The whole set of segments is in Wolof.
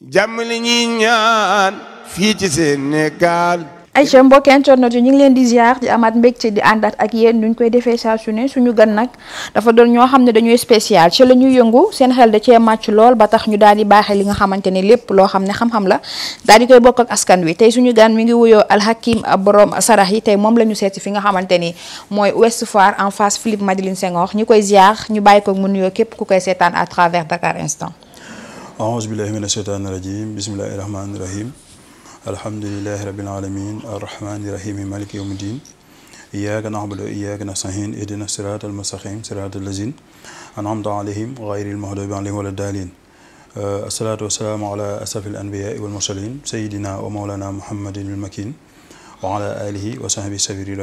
jàmm li ñuy ñaan fii ci Sénégal ayca mbokk internet yi ñu ngi leen di ziar di amaat mbégte di àndaat ak yéen nuñ koy defee saa su suñu gan nag dafa doon ñoo xam ne dañuy spécial ci la ñuy yëngu seen xel da cee màcc lool ba tax ñu daal di baaxee li nga xamante ni lépp loo xam ne xam-xam la daal di koy bokk ak askan wi tey suñu gan mi ngi wuyoo alhakim uh, borom sarax yi tey moom la ñu seeti fi nga xamante ni mooy Ouest Foire en face Philippe Madeline Senghor ñu koy ziar ñu bàyyi ko mu nuyoo képp ku koy seetaan à travers Dakar Instant. أعوذ بالله من الشيطان الرجيم بسم الله الرحمن الرحيم الحمد لله رب العالمين الرحمن الرحيم مالك يوم الدين إياك نعبد وإياك نستعين اهدنا الصراط المستقيم صراط الذين أنعمت عليهم غير المغضوب عليهم ولا الضالين آه، الصلاة والسلام على أسف الأنبياء والمرسلين سيدنا ومولانا محمد المكين وعلى آله وصحبه السبيل إلى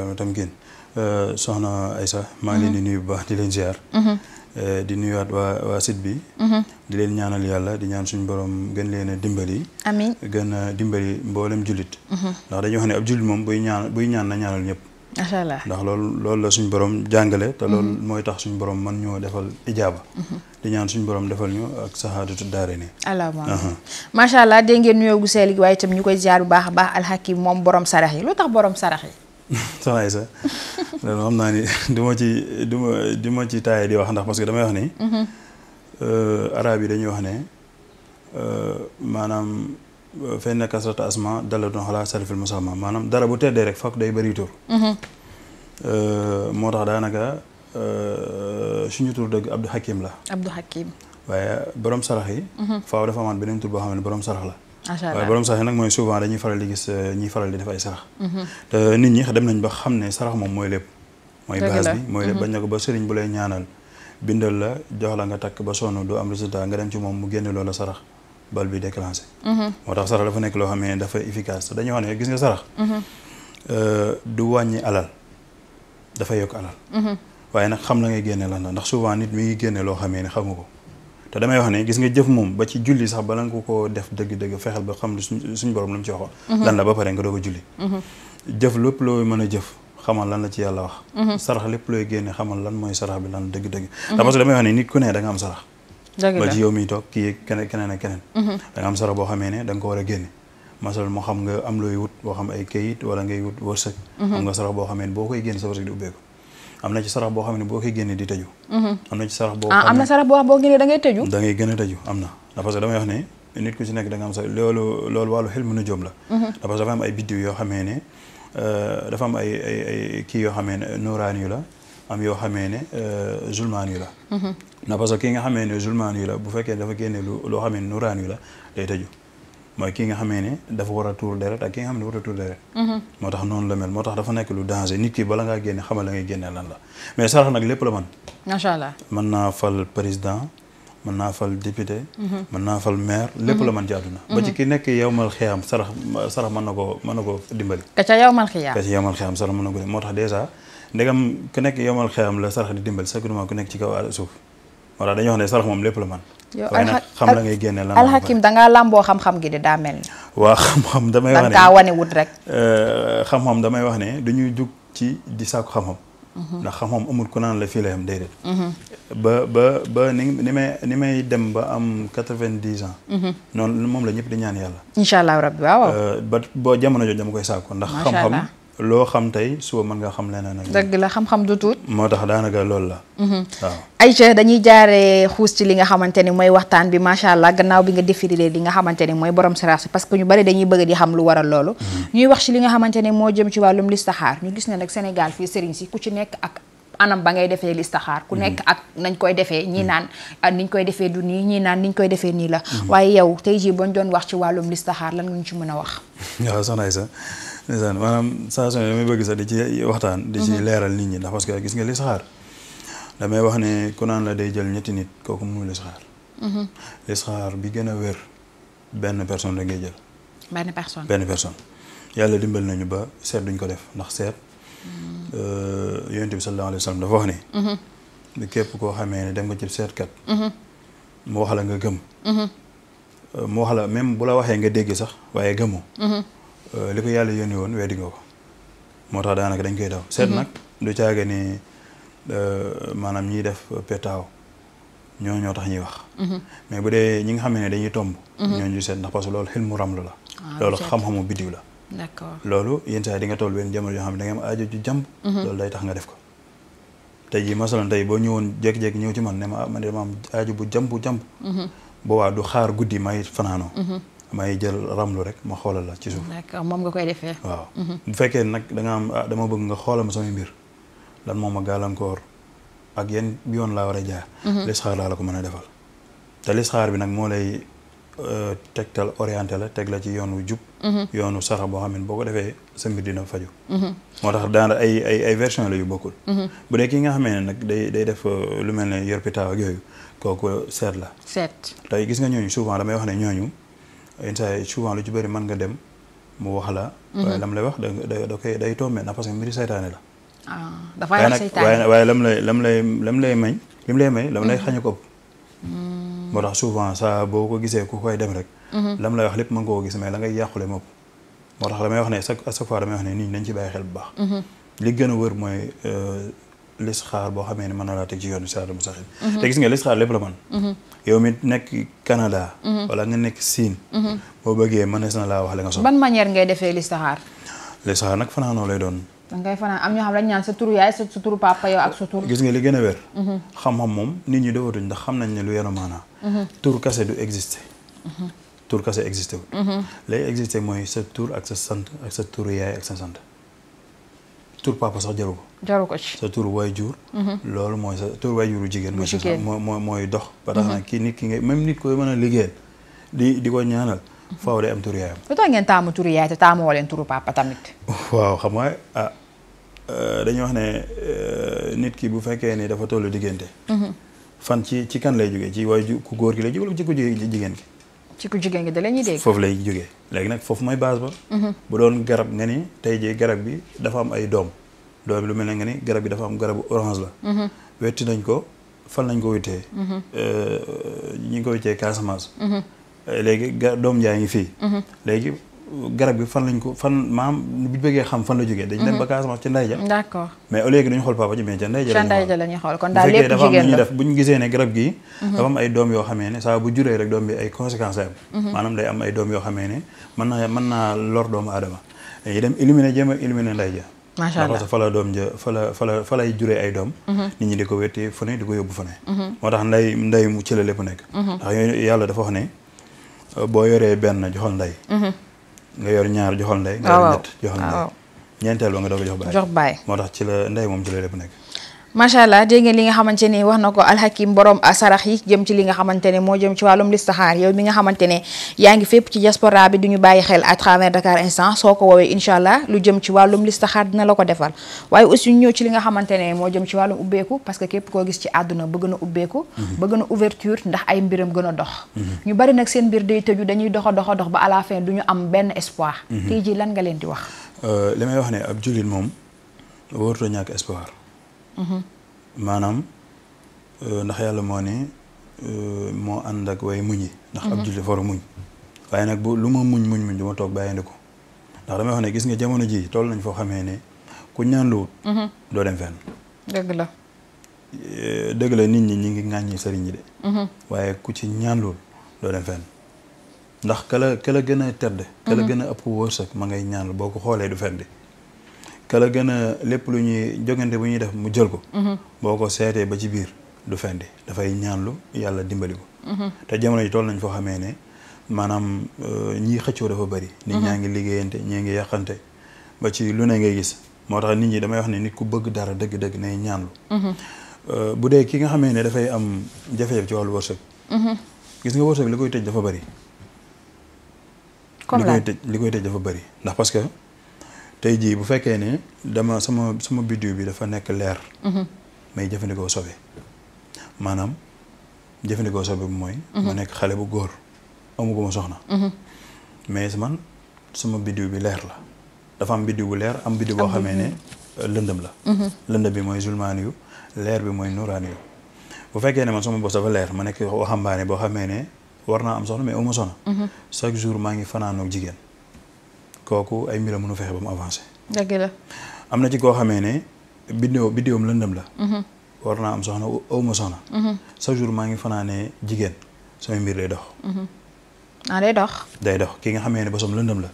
آه، سهنا soxna ما maa ngi leen دي nuyu Euh, di nuyuwaat waa waa sit bi. Mhm. di leen ñaanal yàlla di ñaan suñu borom gën leen a dimbali. amiin gën a dimbali mboolem jullit. Mhm. ndax dañuy wax ne ab jullit moom buy ñaan buy ñaan na ñaanal ñëpp. macha allah ndax loolu loolu la suñ borom jàngale. te loolu mhm. mooy tax suñu borom man ñoo defal ijaaba. di ñaan suñu borom defal ñu ak saxaadatu daare ne alaama macha allah uh-huh. dégg ngeen nuyoo gu seel gi waaye itam ñu koy ziar bu baax a baax alxakim moom borom sarax yi lu tax borom sarax yi. soxna Aïssa loolu xam naa ni du ma ci du ma du ma ci taaye di wax ndax parce que damay wax ni arab yi dañuy wax ne maanaam fenn kasrata asma dala doon xalaa salfil musamma maanaam dara bu teddee rek fokk day bëri tur moo tax daanaka suñu tur dëgg Abdou Hakim la Abdou Hakim waaye borom sarax yi faaw dafa amaan beneen tur boo xam ne borom sarax la macha allah borom sarax nag mooy souvent dañuy faral di gis eh, ñiy faral di def ay sarax. te nit ñi dem nañ ba xam ne sarax moom mooy lépp. mooy base bi mooy lépp mhm. bañ na ko ba sëriñ bu lay ñaanal bindal la jox la nga takk ba sonn du am résultat nga dem ci moom mu génne loola sarax bal bi déclenché. Mhm. moo tax sarax dafa nekk loo xam ne dafa efficace te dañuy wax ne gis nga sarax. Mhm. Eh, du wàññi alal dafa yokk alal. waaye nag xam na ngay génne lan la ndax souvent nit mi ngi génne loo xamee ne te damay wax ne gis nga jëf mom ba ci julli sax bala nga ko def deug deug fexal ba xam suñu borom lam ci waxoon mhm. lan la ba pare nga doog a julli mhm. jëf lepp looy mën jëf xamal lan la ci yalla wax mhm. sarax lepp loy génne xamal lan moy sarax bi lan deug deug ndax parce que damay wax ne nit ku ne da nga am sarax ba ci yow mi tok ki da nga am sarax bo da nga ko masal mo xam nga am loy wut bo xam ay kayit wala ngay wut wërsëg am nga sarax bo xamee ne sa di am na ci sarax boo xam ne boo koy génnee di tëju mhm. am na ci sarax boo ah, am xam boo génnee da ngay tëju da gën a tëju am na da parce damay wax ne nit ku ci nekk danga am sa loolu loolu wàllu xel a joom la mhm. da parce dafa am ay biddiw yoo xamee ne euh, dafa am ay ay kii yoo xamee ne nooraan yu la am yoo xamee ne euh, zulmaan yu la mhm. na parce que ki nga xamee ne zulmaan yu la bu fekkee dafa génne lu loo xamee ne nuraan yu la day tëju mooy kii nga xamee ne dafa war a tuur deret ak ki nga xam ne war a deret mm-hmm. moo tax noonu la mel moo tax dafa nekk lu danger nit ki bala ngaa génne xamal la ngay génne lan la mais sarax nag lépp la man macha allah mën naa fal président man naa fal député man mm-hmm. naa fal maire lépp la mm-hmm. man ci àdduna ba ci ki nekk yowmal xiyaam sarax sarax man na koo mën na koo dimbali ka ca yowmal xiyaam ka ca yowmal xiyaam sarax mën na ko moo tax dèjà ndegam ku nekk yowmal xiyaam la sarax di dimbali sa ku nekk ci kaw suuf moo tax dañuy moom lépp la man yow xam la ngay génne lan alxakim dangaa làmboo xam-xam gi de daa mel ni. waaw xam-xam damay wax ne dangaa wane wut rek. Euh, xam-xam damay wax ne dañuy jug ci di sàkku xam-xam. Mhm. ndax xam-xam amul ku naan la fii la yam mhm. ba ba ba ni ni may ni may dem ba am quatre-vingt-dix ans. Mhm. moom la ñëpp di ñaan yàlla. incha allah rabbi waaw. Euh, ba jamono jooju dama koy sàkku ndax. xam-xam. loo xam tey suba mën nga xam leneen ak. dëgg la xam-xam du tuut. moo tax daanaka loolu la. Mhm. waaw Aïcha dañuy jaaree xuus ci li nga xamante mooy waxtaan bi macha allah gannaaw bi nga défilé li nga xamante ni mooy borom siraas parce que ñu bari dañuy bëgg di xam lu waral loolu. Mhm. ñuy wax ci li nga xamante moo jëm ci wàllum listaxaar ñu gis ne nag Sénégal fii sëriñ si ku ci nekk ak. anam ba ngay defee listaxaar ku mhm. nekk ak nañ koy defee ñi naan ah, niñ koy defee du nii ñi naan niñ koy defee nii la waaye yow tey jii bañ doon a wax waaw ndeysaan maanaam saa su ne damay bëgg sax di ci waxtaan. di ci mhm. leeral nit ñi ndax parce que gis nga listixaar damay wax ne ku naan la day jël ñetti nit kooku mu listixaar. Mhm. listixaar bi gën a wér benn personne da ngay jël. benn personne benn personne. yàlla dimbal nañu ba seet duñ ko def ndax seet. Mhm. Euh, yonent bi sallallahu alayhi wa sallam dafa wax ne. képp koo xamee ne dem nga ci seetkat. mu wax la nga gëm. Euh, mu wax la même bu la waxee nga dégg sax waaye gëmoo. Eh, li ko yàlla yónni woon weddi nga ko moo tax daanaka dañ koy daw seet mhm. nag du caage ni eh, maanaam ñiy def petaaw ñoo ñoo tax ñuy wax mhm. mais bu dee ñi nga xam ne dañuy tomb mhm. ñooñu du seet ndax parce que loolu xel mu ramlu la ah, loolu xam-xamu biddiw la d'accord loolu yenn saa yi di nga toll benn jamono yoo xam ne da nga am aajo ju jàmb loolu day tax nga def ko tey jii masalan tey boo ñëwoon jékki-jékki ñëw ci man ne ma ah, man dama am aajo bu jàmb bu jàmb boobaa du xaar guddi may fanaanoo may jël ramlu rek ma xoolal la ci suuf. d'accord moom nga koy defee. waaw mhm. bu fekkee nag danga am ah, dama bëgg nga xoolal ma samay mbir lan moom ma gàllankoor ak yenn yoon laa war a jaar. Mhm. lisxaar laa la ko mën a defal. te lisxaar bi nag moo lay euh, tegtal oriente la teg la ci yoonu jub. Mhm. yoonu sarax boo xam ne boo ko defee sa mbir dina faju moo tax daanaka ay ay ay version la yu bokkul. bu dee ki nga xamee ne nag day day def euh, lu mel ne yor pitaaw ak yooyu kooku seet la. seet tey gis nga ñooñu souvent damay wax ne ñooñu. yenn saa yi souvent lu ci bëri mën nga dem mu wax la. Mhm. waaye lam lay wax da da da koy day tombé na parce que mbiri saytaane la. Ah, dafa yor saytaane waaye nag waaye lam lay lam lay lam lim lay may lam lay mhm. xañu ko. Mm. moo tax souvent saa boo ko gisee ku koy dem rek. Mhm. lam lay wax lépp mën koo gis mais la ngay yàqule moom. moo tax damay wax ne chaque chaque fois damay wax ne nit ñi dañ ci bàyyi xel bu baax. li gën a wër mooy euh, listixaar boo xamee ne mën na laa teg ci yoonu siraatal mustaqiim mhm. te gis nga listixaar lépp la mën mhm. yow mi nekk Canada mhm. wala nga nekk Siin boo bëggee mënees na laa wax la nga soxla ban manière ngay defee listixaar listixaar nag fanaanoo lay am xam ñaan sa turu yaay sa turu papa yow ak sa tur gis nga li gën a wér xam-xam moom nit ñi dofatuñ ndax xam nañ ne lu yenu maanaa tur kase du existé tur kase existé wul lay existé sa tur ak sa ak sa turu yaay ak sa sant tur papa sax jaru ko. jaru ko ci sa tur way jur. Mhm. loolu mooy sa tur way juru jigéen. mooy dox. ba tax na mhm. kii nit ki ngay même nit koy mën a liggéeyal di di ko ñaanal. faaw day am turu yaayam. lu tax ngeen taamu turu yaay te ah, euh, wax ne euh, nit ki bu fekkee ni dafa tollu diggante. Mhm. fan ci ci kan lay jógee ci way ku góor gi lay jógee wala ci ku jigéen ki. ci ku jigéen gi da la ñuy dégg. foofu lay jógee léegi nag foofu mooy base ba. Mhm. bu doon garab nga ni tey jii garab bi dafa am ay doom doom lu mel ne nga ni garab bi dafa am garabu orange la. Mhm. wetti nañ ko fan lañ ko wutee. Mhm. Euh, ñi ngi ko wutee Casamance. Euh, léegi doom yaa ngi fii. léegi. garab bi fan lañ ko fan maam bu ñu bëggee xam fan la jógee dañ dem ba mhm. Casamance ci nday ja d'accord mais au lieu que dañu xool papa ji mais ca nday ja la xool kon daal lépp def bu ñu gisee ne garab gi mhm. dafa am yoo xamee ne saa bu juree rek doom bi ay conséquences am mhm. maanaam day am ay doom yoo xamee ne mën naa mën naa lor doomu aadama yi dem éliminer jéem a éliminer nday ja macha allah fa la doom ja fa fa la fa ay doom nit ñi di ko wéttee fu ne di ko yóbbu fu ne moo tax nday nday mu ci la lépp nekk ndax yàlla dafa wax ne boo yoree benn joxal nday nga yor ñaar joxal nday nga ah, yor ñett joxal ah, ndey. ñeenteel nga doog a jox baay. jox baay moo tax ci la ndey moom ci la lépp nekk. macha allah dégg li nga xamante ne wax na ko alhakim borom sarax yi jëm ci li nga xamante ne moo jëm ci wàllum listaxaar yow mi nga xamante ne yaa ngi fépp ci diaspora bi du ñu bàyyi xel à travers Dakar instant soo ko woowee incha allah lu jëm ci wàllum listaxaar dina la ko defal waaye aussi ñu ñëw ci li nga xamante ne moo jëm ci wàllum ubbeeku parce que képp koo gis ci àdduna bëgg na ubbeeku mhm. bëgg na ouverture ndax ay mbiram gën a dox mhm. ñu bari nag seen mbir day tëju dañuy doxa doxa dox ba à la ñu am benn espoir mhm. tey ji lan nga leen di wax euh, li may wax ne ab jullit moom warutoo maanaam euh, ndax yàlla moo ne euh, moo ànd ak way muñ yi ndax ab mhm. jullit foro muñ waaye nag bu lu ma muñ muñ muñ du ma toog bàyyindi ko ndax damay wax ne gis nga jamono ji toll nañ foo xamee ne ku ñaan luwut mhm. doo dem fenn euh, dëgg la nit ñi ñi ngi ŋàññi sëriñ yi de mhm. waaye ku ci ñaan doo dem fenn ndax ka la ka la gën a tedd ka la gën a ëpp wërsëg ma ngay ñaan boo ko xoolee du fenn di kala gën a lépp lu ñuy jogante bu ñuy def mu jël ko. Mhm. boo ko seetee ba ci biir du fendi dafay ñaanlu yàlla dimbali ko. Mhm. te jamono ji toll nañ foo xamee ne maanaam euh, ñii xëccoo dafa bari. nit mhm. ñaa ngi liggéeyante ñii ngi yàqante ba ci lu ne ngay gis moo tax nit ñi damay wax ne nit ku bëgg dara dëgg-dëgg nay ñaanlu. Euh, bu dee ki nga xamee ne dafay am jafe-jafe ci wàllu wërsëg. gis nga wërsëg li koy tëj dafa bari. comme li tey jii bu fekkee ne dama sama suma biddiw bi dafa nekk leer. Mhm. may jëfandikoo sobe maanaam jëfandikoo sobe bu mooy. Mhm. ma nekk xale bu góor amuguma soxna. Mhm. mais man sama biddiw bi leer la dafa am biddiw bu leer am biddiw boo xamee ne lëndëm la. lëndëm bi mooy zulmaani yu leer bi mooy nuraani bu fekkee ne man sama bos dafa leer ma nekk waxambaane boo xamee ne war naa am soxna mais amuma soxna. chaque jour maa ngi fanaanoog jigéen. kooku ay mbiram mënu fexe ba mu avancé. dëgg la am na ci koo xamee ne biddéew biddéewam lëndëm la. Mhm. war naa am soxna aw soxna. Mhm. chaque jour maa ngi fanaane jigéen samay mbir day dox. Mhm. ah day dox. day dox ki nga xamee ne bosom lëndëm la.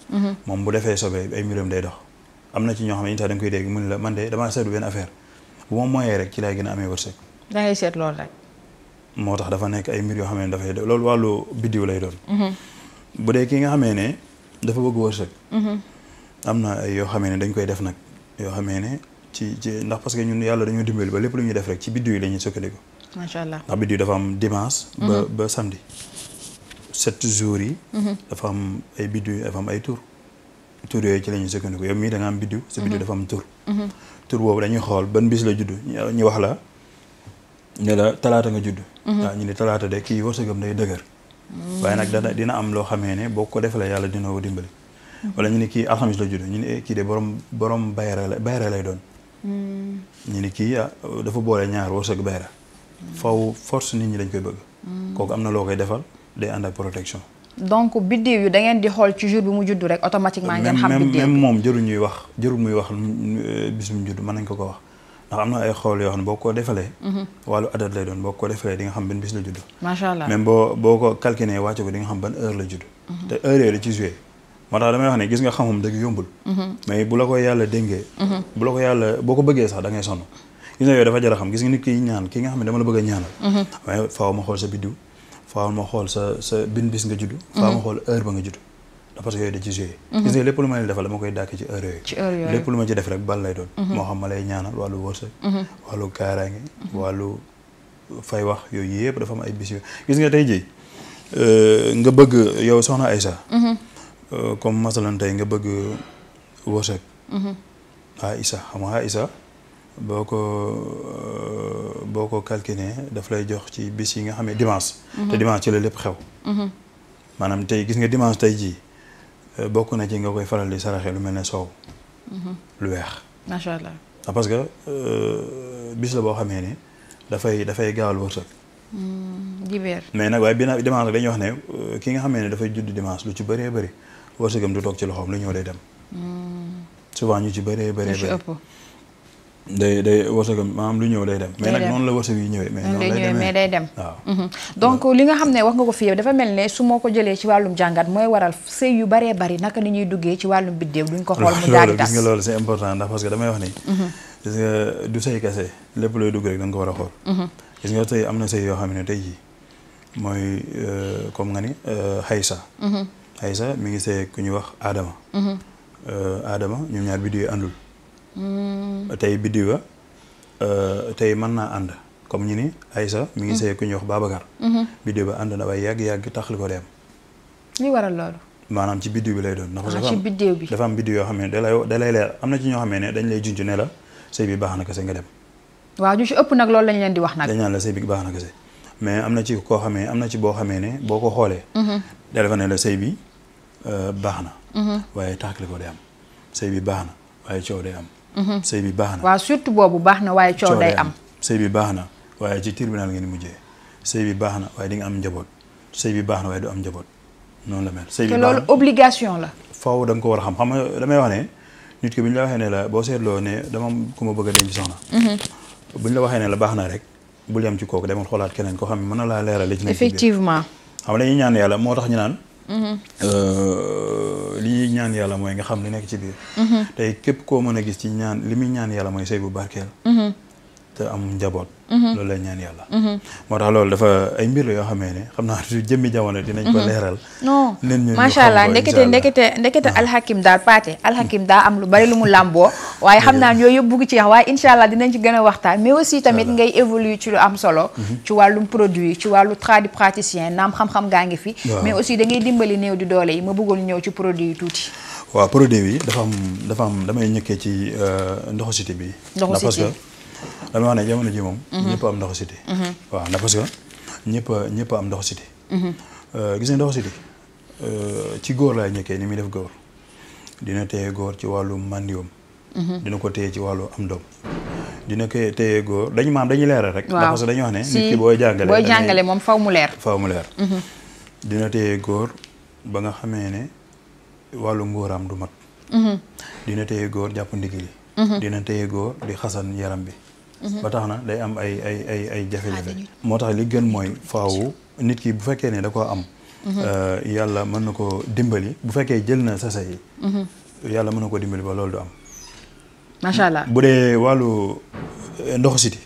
moom bu defee sobee ay mbiram day dox. am na ci ñoo xam ne da nga koy dégg mu ne la man de damaa seetlu benn affaire bu ma moyee rek ci laay gën a amee wërsëg. da ngay seet loolu rek. moo tax dafa nekk ay mbir yoo xam ne dafay loolu wàllu biddiw lay doon. dafa bëgg wërsëg. Mm-hmm. am na ay yoo xamee ne dañ koy def nag yoo xamee ne ci ci ndax parce que ñun yàlla dañoo dimbali ba lépp lu ñuy def rek ci biddew yi la ñuy sukkandiku. macha allah ndax biddew dafa am dimanche. ba mm-hmm. ba samedi. sept jours yi. Mm-hmm. dafa am ay biddew dafa am ay tur. tur yooyu ci la ñuy sukkandiku mii da am biddew. sa biddew dafa am tur. tur boobu dañuy xool ban bis la judd ñu wax la ñu la talaata nga judd. waaw ñu ne talaata de kii wërsëgam day dëgër. waaye nag dana dina am loo xamee ne boo ko defalee yàlla dina ko dimbali wala ñu ne kii alxamis la judd ñu ne eh, kii de borom borom bayra la bayra lay doon hmm. ñu ne kii ah, dafa boole ñaar wërsëg bayra faw force nit ñi dañ koy bëgg hmm. kooku am na loo koy defal day ànd ak protection donc biddiw yu da ngeen di xool ci jour bi mu judd rek automatiquement ngeen xam biddiw moom jëru ñuy wax jëru muy wax euh, bis mu judd mën nañ ko ko wax ndax am na ay xool yoo xam ne boo ko defalee mhm. wàllu adat lay doon boo ko defalee di nga xam ban bis la judd macha allah même boo boo ko calculé wàcce ko di nga xam ban heure la judd mhm. te heure yooyu la ci joué moo tax damay wax ne gis nga xam dëgg yombul mhm. mais bu la ko yàlla déngee bu la ko yàlla boo ko bëggee sax da ngay sonn gis nga a xam ne dama la bëgg a ñaanal waaye faaw ma xool sa biddiw faaw ma xool sa sa bin bis nga judd faaw ma xool heure ba nga judd parce que yooyu da ci joué mhm. gis nga lépp lu ma leen defal dama koy dàkk ci heure yooyu ci heure yooyu lépp lu ma ci def rek bal lay doon mhm. moo xam ma lay ñaanal wàllu wërsëg mhm. wàllu kaaraange wàllu fay wax yooyu yëpp dafa ma ay bis gis nga tey jii euh, nga bëgg yow soxna Aïssa euh, comme masalan tey nga bëgg wërsëg Aïssa xam nga Aïssa boo ko euh, boo ko calculé daf lay jox ci bis yi nga xam ne dimanche te dimanche ci la lépp xew maanaam tey gis nga Euh, bokk na ci nga koy faral di saraxee lu mel ne soow. Mhm. lu weex. macha allah ah, parce que euh, bis la boo xamee ne dafay dafay gaawal wërsëg. jibeer mm, mais nag waaye bi na dimanche dañu wax ne euh, ki nga xamee ne dafay judd dimance lu ci bëree bëri wërsëgam du toog ci loxoom lu ñëw day dem. Mm. souvent ñu ci bëree bëree bëri day day wërsëgam maanaam lu ñëw day dem. mais nag noonu la wërsëg yi ñëwee. mais noonu lay dem waaw. Mhm. donc li nga xam ne wax nga ko fi yow dafa mel ne su moo ko jëlee ci wàllum jàngat mooy waral sëy yu baree bari naka ni ñuy duggee ci wàllum biddéew duñ ko xool mu daal di gis nga mhm. sëy da nga ko war a xool. Mhm. gis nga tey am na sëy yoo xam ne tey jii mooy euh, comme nga ni Xaysa. Euh, Xaysa mi ngi sëy ku ñuy wax Adama. Euh, Adama ñoom ñaar biddéew yi àndul Mm. tey biddiw ba euh, tey mën naa ànd comme ñu ni Aïssa mu ngi mm. sëy ku ñuy wax Babacar mm-hmm. biddiw ba ànd na waaye yàgg-yàgg taxali ko dem li waral loolu maanaam ci biddiw bi lay doon ndax ah, ci biddiw bi dafa yoo xam ne da lay da lay leer am na ci ñoo xam ne dañ lay junj ne la sëy bi baax na kese nga dem waaw ñu ci ëpp nag loolu lañ leen di wax nag dañ naan la sëy bi baax na mais am na ci koo xamee am na ci boo xamee ne boo ko xoolee mm-hmm. dafa ne la sëy euh, baax na mm-hmm. waaye taxali ko day am sëy bi baax na waaye coow day am Mm-hmm. sëy bi baax na. waaw surtout boobu baax na waaye coow day am. sëy bi baax na waaye ci tribunal ngeen mujjee sëy bi baax na waaye di nga am njaboot sëy bi baax na waaye du am njaboot noonu la mel. sëy bi baax na te loolu obligation la. faaw da ko war a xam xam nga damay wax ne nit ki bu ñu la waxee ne la boo seetloo ne dama ku ma bëgg a denc soxna. Mm-hmm. bu ñu la waxee ne la baax na rek bul yam ci kooku demal xoolaat keneen ko xam ne mën na laa leeral. li ci nekk xam nga ñaan yàlla moo tax ñu naan Euh, li ñuy ñaan yàlla mooy nga xam li nekk ci biir. Mhm. tey képp koo mën a gis ci ñaan li muy ñaan yàlla mooy sëy bu barkeel. Mhm. te am njaboot. Mm-hmm. loolu la ñaan yàlla. Mm-hmm. moo tax loolu dafa ay mbir la yoo xamee ne xam naa su jëmmi jamono dinañ ko mm-hmm. leeral. non macha allah ndekete ndekete ndekete alxakim daal paate alxakim daa am lu bari lu mu làmboo. waaye xam naa yooyu yëpp bugg ci wax waaye incha allah dinañ ci gën a waxtaan. mais aussi tamit ngay évoluer ci lu am solo. ci wàllum produit ci wàllu tradipraticien naam xam-xam gaa ngi fi. mais aussi da ngay dimbali néew di doole yi ma bëggoon ñëw ci produit yi tuuti. waaw produit bi dafa dafa am damay ñëkkee ci euh, ndoxu cité bi. ndoxu cité parce dama wax ne jamono ji moom mhm. ñëpp am ndoxu cité mhm. waaw ndax parce que ñëpp ñëpp am ndoxu cité mhm. euh, gis nga ndoxu cité euh, ci góor laay ñëkkee ni muy def góor dina téye góor ci wàllu mandiwam dina ko téye ci wàllu am doom dina ko téye góor dañu maam dañuy leeral rek ndax parce que dañu wax ne nit ki booy jàngale booy jàngale moom faw mu leer faw mu leer dina téye góor ba nga xamee ne wàllu ngóoraam du mat dina téye góor jàpp ndigili dina téye góor di xasan yaram bi Mhm. ba tax na day am ay ay ay ay jafe-jafe moo tax li gën mooy faawu nit ki bu fekkee ne da koo am mhm. euh, yàlla mën na ko dimbali bu fekkee jël na sase yi mhm. yàlla mën na ko dimbali ba loolu du am bu dee wàllu euh, ndoxu siti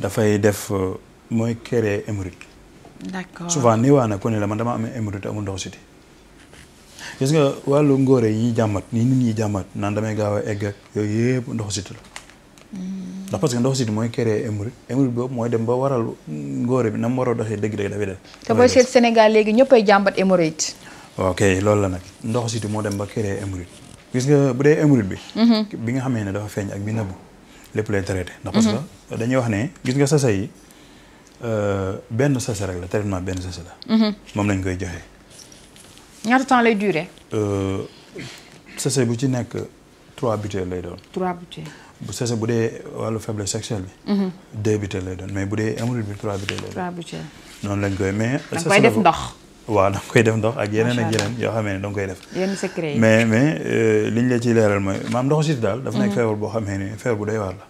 dafay def euh, mooy créer hémorroïde souvent nii waa na ku ne la man dama amee hémorroïde amul ndoxu siti gis nga wàllu ngóore yi ñuy jàmbat ni nit ñi jàmmat naan damay gaaw a egg ak yooyu yëpp ndoxu siti la ndax parce que ndox siti mooy créer émorite émorite boobu mooy dem ba waral ngóore bi na mu war a doxee dëgg-dëgg dafay def te booy seet Sénégal léegi ñëppay jàmbat émorite ok loolu la nag ndox siti moo dem ba créer émorite gis nga bu dee émorite bi mhm. bi nga xamee ne dafa feeñ ak bi nëbbu lépp lay traité ndax parce mhm. que dañuy wax ne gis nga sachet yi euh, benn sachet rek la traitement benn sachet la mhm. moom lañ koy joxe ñaata temps lay durer euh, sachet bu ci nekk trois butéel lay bu sese bu dee wàllu faiblesse sexuelle bi. Mhm. deux butéel lay doon mais bu dee amul bi trois butéel lay doon. trois butéel noonu lañ koy mais. da koy def ndox. waaw ak yeneen ak yeneen yoo xamee ne da koy def. yenn secret yi mais euh, la ciy leeral mooy maam ndoxu siti daal. dafa nekk mhm. feebar boo xamee ne feebar bu doy waar la.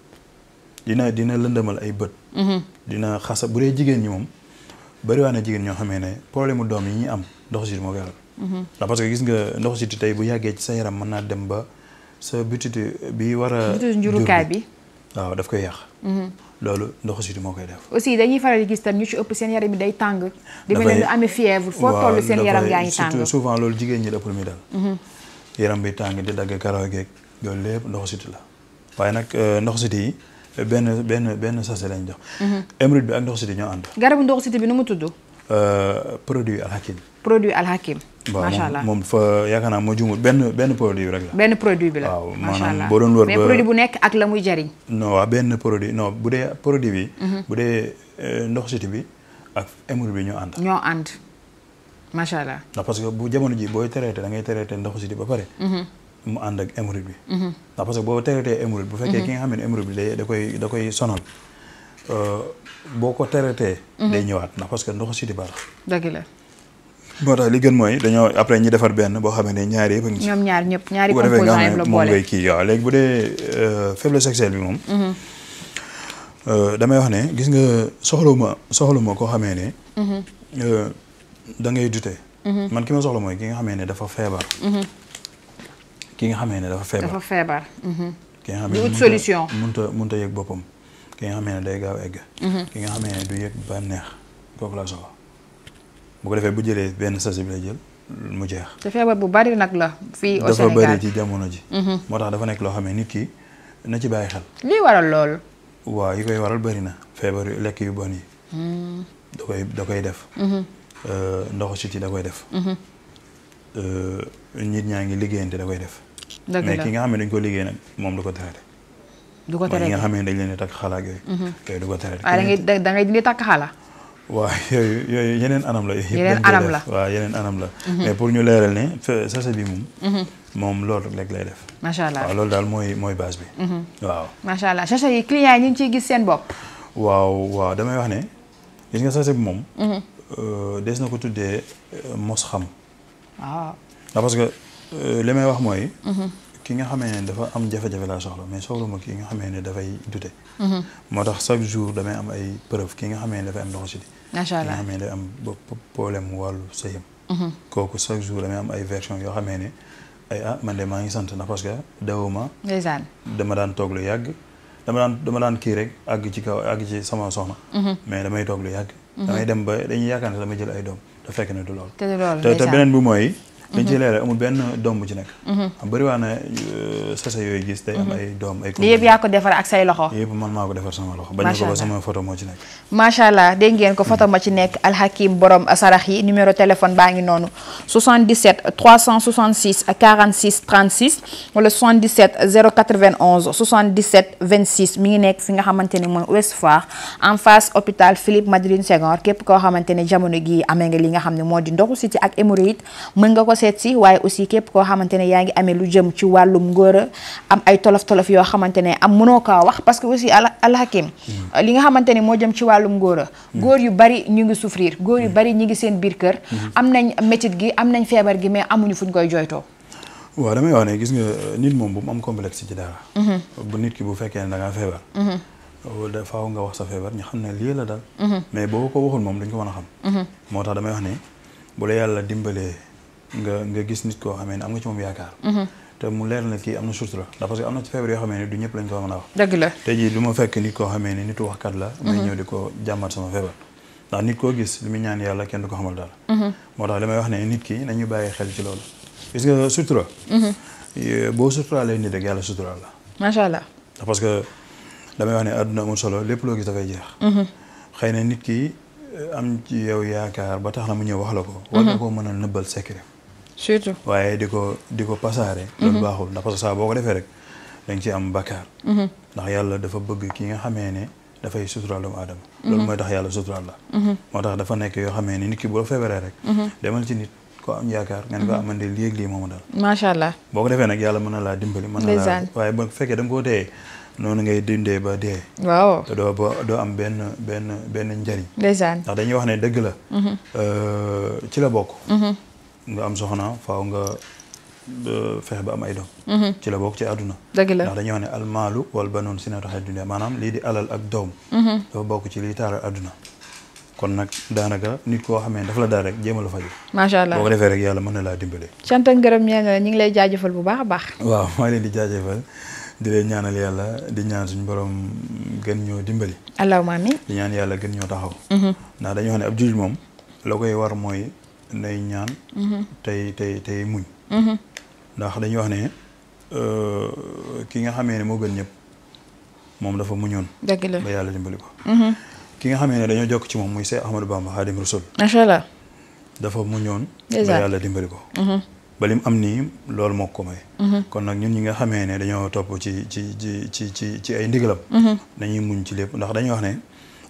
dina dina lëndëmal ay bët. Mhm. dina xasa bu dee jigéen ñi moom bariwaa na jigéen ñoo xamee ne problème mu doom yi ñuy am ndoxu siti moo koy waral. ndax parce que gis nga ndoxu siti tey bu yàggee ci sa yaram mën naa dem ba. sa butitu bi war a. kaay bi waaw daf koy yàq. Mhm. loolu ndoxu siti moo koy def. aussi dañuy faral di gis tam ñu ci ëpp seen yaram yi day tàng. dafay dafay demee lu foo toll seen yaram yaa ngi tàng. souvent loolu jigéen ñi ëpp lu muy dal. Mhm. yaram bi tàng di dagg karaw geeg loolu lépp ndoxu siti la waaye nag euh, ndoxu siti yi benn benn benn sachet lañ jox. Mhm. émeraude bi ak ndoxu siti ñoo ànd. garabu ndoxu siti bi nu mu tudd. Euh, produit alhakim. produit alhakim macha allah moom fa yaakaar naa moo jumul benn benn produit rek la. benn produit bi la waaw maanaam boo doon wër ba mais produit bu nekk ak la muy jariñ. non waaw benn produit produit bi. Mhm. Euh, allah. ndax parce que bu jamono ji booy traité da ngay traité ndox siti ba pare. Mhm. mu ànd ak émul bi. Mhm. ndax parce que boo traité émul bu fekkee ki nga xam ne émul bi day da koy da koy sonal. Euh, ñëwaat ndax parce que ndox siti ba la. dëgg la. moo tax li gën mooy dañoo après ñi defar benn boo xam ne ñaari yëpp a ngi ci. ñoom ñaar ñëpp ñaari composants yëpp la boole bu ko defee nga xam ne moom ngay koo xamee ne. Mhm. Euh, da ngay mhm. ki ma soxla mooy ki nga xamee ne dafa feebar. Mhm. ki nga xamee ne dafa feebar dafa feebar. ki nga xamee ne solution mënut a ki nga xamee ne day gaaw ki nga xamee ne du yëg bànneex kooku laa soxla. bu ko defee bu jëlee benn sachet bi lay jël mu jeex. te feebar bu bari nag la. fii au Sénégal dafa ci jamono ji. Mhm. moo tax dafa nekk loo xam ne nit ki ci bàyyi xel. lii waral yi koy waral bari na feebar lekk yu bon yi. Hmm. da koy koy def. Mhm. Euh, ndoxu siti koy def. Mhm. Euh, nit ñaa ngi liggéeyante da koy def. ki xam ne dañ ko liggéey nag moom du ko traité. du nga xam ne dañ takk xala ak du ko traité. Ah, da ngay da dindi takk xala. waaw yooyu yooyu yeneen anam la. yeneen anam la waaw yeneen anam la. mais pour ñu leeral ne sachet bi mhm. moom. moom lool rek lay def. macha waaw loolu daal mooy mooy base bi. Mhm. waaw macha allah sachet yi clients yi ñu ngi ciy gis seen bopp. waaw waaw damay wax ne gis nga sachet bi moom. Mhm. Euh, des na ko tuddee euh, mos xam. Ah. waaw parce que euh, li may wax mooy. ki nga xamee ne dafa am jafe-jafe laa soxla mais soxla ma ki nga xamee ne dafay dute mhm. moo tax chaque jour damay am ay preuve ki nga xamee ne dafay am ndoxu siti macha nga xamee ne dafay am problème mu mhm. ah, na parce que dawuma ndeysaan dama daan toog lu yàgg dama daan dama daan kii rek àgg ci kaw àgg ci sama soxna mhm. mais damay toog lu yàgg damay dem ba dañuy yaakaar ne dama jël ay doom te fekk ne du lool te beneen bi mooy dañ ciy mhm. leeral amul benn doom bu ci nekk mhm. am bëri waa na euh, sase yooyu gis day am mhm. ay doom ay yëpp yaa ko defar ak say loxo yëpp man maa ko defar sama loxo bañ ko ba sama photo moo ci nekk macha allah dégg ngeen ko photo ma ci nekk alhakim borom sarax yi numéro téléphone baa ngi noonu 77 366 46 36 wala 77 091 77 26 mi ngi nekk fi nga xamante ne mooy Ouest Foire en face hôpital Philippe Maguiline Senghor képp koo xamante ne jamono li nga xam moo di seet si waaye aussi képp koo xamante ne yaa ngi amee lu jëm ci wàllum ngóora am ay tolof-tolof yoo xamante ne am mënoo kaa wax parce que aussi alhakim mm. li nga xamante ne moo jëm ci wàllum ngóora mm. góor yu bari ñu ngi souffrir góor yu mm. bari ñu ngi seen biir kër am nañ métit gi am nañ feebar gi mais amuñu fuñ koy jooytoo waaw damay wax ne gis nga nit moom bu mu am complexe ci dara mm-hmm. bu nit ki bu fekkee ne da ngaa feebar mm-hmm. wala faaw nga wax sa feebar ñu xam ne lii la daal mm-hmm. mais boo ko waxul moom dañ a xam moo nga nga mhm. mhm. nah, gis nit ko xamé am nga ci moom yaakaar té mu lér na ki amna source la da parce que amna ci fièvre yo xamé ni du ñëpp lañ ko mën a wax dëgg la té ji luma fekk nit koo xamee ne nitu kat la may ñëw diko jammat sama fièvre ndax nit ko gis limi ñaan yalla kenn du ko xamal dara mo tax limay wax né nit ki nañu bayyi xel ci lool gis nga sutura boo lay nit rek yalla suturaal la macha allah ndax parce que damay wax né aduna mu solo lépp lo gis da fay jeex xëy na nit ki am ci yow yaakar ba tax na mu ñëw wax la ko war nga koo mën a secret surtout waaye di ko di ko pasaare mhm. loolu baaxul ndax parce que saa boo ko defee rek dañ ci am bakkaar mhm. ndax yàlla dafa bëgg ki nga xamee ne dafay suturaal doomu aadama mhm. loolu mooy tax yàlla suturaal la moo tax dafa nekk yoo xamee ne nit ki boo feebaree rek demal ci nit ko am yaakaar nga ne ko amande ah, léeg lii mooma daal macha allah boo ko defee nag yàlla mën na laa dimbali man na laa waaye bu fekkee da nga koo téye noonu ngay dundee ba dee waaw te doo doo am benn benn benn njariñ ndeysaan ndax dañuy wax ne dëgg la euh, ci la bokk nga am soxna faaw nga fex ba am ay doom mhm. ci la bok ci aduna ndax dañu wax al malu wal banun sinatu xay dunya manam li di alal ak dom mhm. do bok ci li taaral aduna kon nag daanaka nit ko xamé dafa la daal rek jema la faju sha allah bo defé rek yalla man la dimbalé santa ngeureum lay jaajeufal bu baax baax waaw ma leen di jaajeufal di leen ñaanal yalla di ñaan suñu borom gën ñoo dimbali allahumma amin di ñaan yalla gën ñoo taxaw mhm. ndax dañu wax ab la koy war moy nay ñaan mm-hmm. tey tey tey muñ mm-hmm. ndax dañuy wax ne euh, ki nga xamee ne moo gën ñëpp moom dafa muñoon dëgg la ba yàlla dimbali ko mm-hmm. ki nga xamee ne dañoo jokk ci moom muy Seex Ahmadou Bamba Xaadim Rasul macha allah dafa muñoon ba yàlla dimbali ko ba lim am nii loolu moo ko may kon nag ñun ñi nga xamee ne dañoo topp ci ci ci ci ci ci ay ndigalam dañuy muñ ci lépp ndax dañu wax ne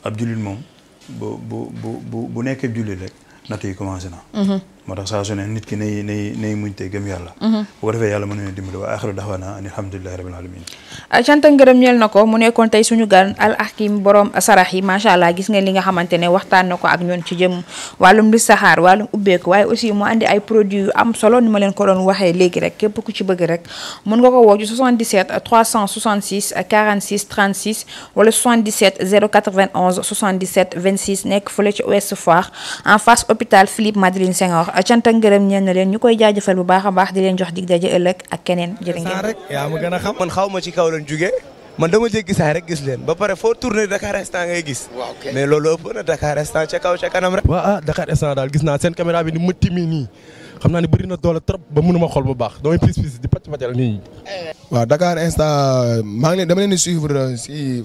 ab jullit moom bu bu bu bu bu nekkee jullit rek na te yi commencé na moo tax saa su ne nit ki nay nay muñ te gëm yàlla mhm. bu defee yàlla mën nañu dimbali waa axiru daxwaana an alhamdulilahi rabbil alamin ah, cant ak ngërëm ñeel na ko mu nekkoon tey suñu gan al hakim borom sarax yi macha allah gis nga li nga xamante ne waxtaan na ko ak ñoon ci jëm wàllum li saxaar wàllum ubbeeku waaye aussi mu andi ay produits yu am solo ni ma leen ko doon waxee léegi rek képp ku ci bëgg rek mën nga ko woo ci 77 366 cant ak ngërëm ñeen leen ñu koy jaaj jaajëfal bu baax a baax di leen jox dig daje ëllëg ak keneen jërë ngeen rek yaa ma gën man xaw ma ci kaw leen jugee man dama jéggi saa rek gis leen ba pare foo tourné Dakar instant ngay gis mais loolu ëpp na kaw ca kanam rek waaw ah, daal gis naa seen caméra bi ni ma timi nii xam naa ne bëri na doole trop ba mënuma xool bu baax damay pis pis di pàcc maa ngi leen dama leen di suivre euh, si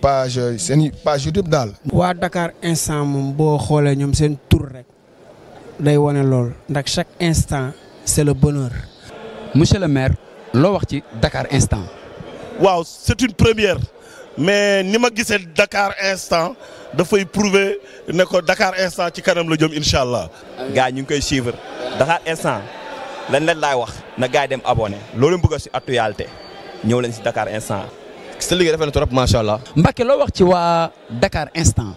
page seen page YouTube daal waa Dakar instant moom boo xoolee ñoom seen tour rek day wane lool ndax chaque instant c'est le bonheur. monsieur le maire loo wax ci Dakar instant. Wow, c'est une première mais ni ma gisee Dakar instant dafay prouver ne Dakar instant ci kanam la jëm incha allah. gars ñu ngi koy suivre Dakar instant lan leen laay wax na gars dem abonné loolu bëgg si actualité ñëw leen si Dakar instant. ce liggéey defe na trop macha allah. Mbacké loo wax ci waa Dakar instant.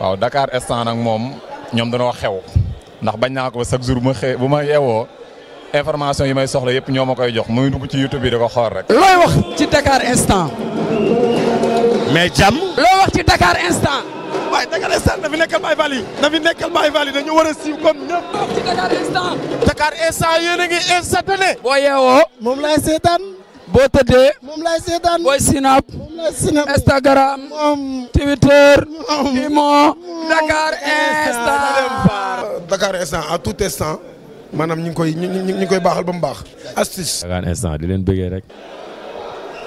Wow, Dakar instant nag moom ñoom dañoo xew. ndax bañ naa ko chaque jour bu ma xëy yi may soxla yëpp ñoo ma koy jox muy dugg ci bi da ko xool rek. looy na fi comme ci Dakar instant. Dakar instant yéen boo yeewoo moom laay seetaan. boo tëddee. moom lay seetaan booy sinap. lay Instagram. Twitter. Imo. Dakar instant. Dakar instant à tout instant. manam ñing koy ñing koy baxal bu baax. astuce. Dakar instant di leen bëggee rek.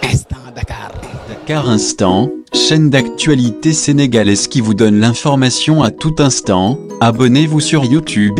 Instant Dakar. Dakar Instant, chaîne d'actualité sénégalaise qui vous donne l'information à tout instant. Abonnez-vous sur YouTube